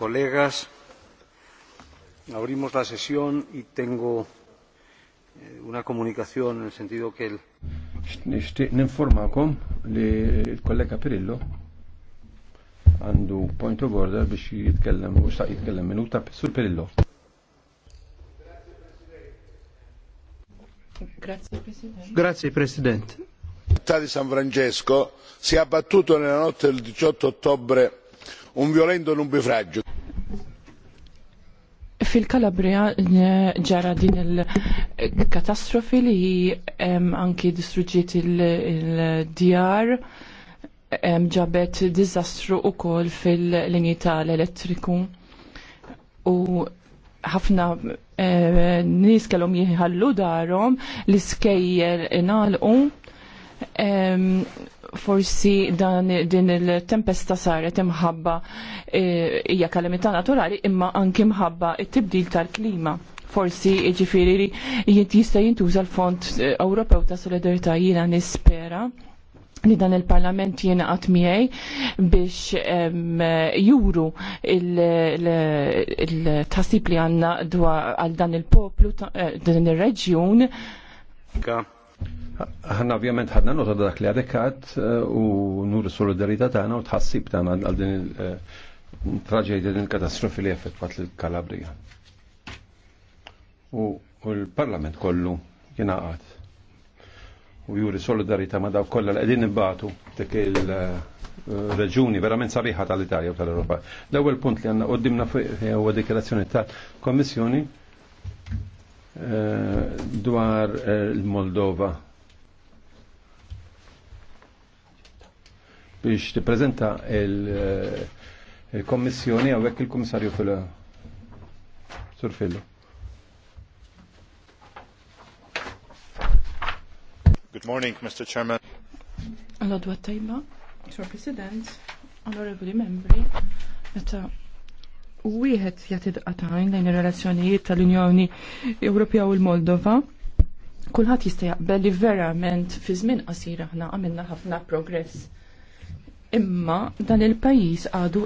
colegas. Abrimos la sesión y tengo eh, una comunicación en el sentido que el ninformakom li il-kollega Pirillo għandu point of order biex jitkellem u xtaq jitkellem minuta sur Pirillo. Grazie Presidente. Grazie Presidente. Di San Francesco si è abbattuto nella notte del 18 ottobre un violento e bifraggio. Fil-Kalabria eh, ġara din il-katastrofi li anki distruġiet il-djar ġabet dizastru u kol fil-linji tal-elettriku u ħafna eh, nis kellhom jħallu darhom l iskejjer inalqu forsi dan din il-tempesta saret imħabba e, hija e, kalamità naturali imma anki imħabba it-tibdil tal-klima. Forsi ġifiri jista jintuża l-Fond e, Ewropew ta' Solidarità jiena nispera li dan il-parlament jiena miegħi biex um, juru il tħassib il, il, li għal dan il-poplu, e, dan il-reġjun. Ħanna ovvjament ħadna nota dak li għadekat eh, u nur solidarita tagħna u tħassib tagħna għal din il-traġedja eh, din il-katastrofi li effettwat l-Kalabrija. U l-Parlament kollu jingħaqad u juri solidarita ma daw kollha li qegħdin nibbatu dik il-reġuni eh, verament sabiħa tal-Italja u tal-Europa. L-ewwel punt li għandna qoddimna huwa dikjarazzjoni tal-Kommissjoni dwar il-Moldova biex tippreżenta eh, il-kommissjoni għawek il-komissarju fil Surfillu. Good morning, Mr. Chairman. dwa tajba, Sir President, onorevoli membri, meta wieħed jagħti daqatajn lejn ir-relazzjonijiet tal-Unjoni Ewropea u l-Moldova, kulħadd jista' jaqbel li verament fi żmien qasir aħna għamilna ħafna progress Imma dan il-pajis għadu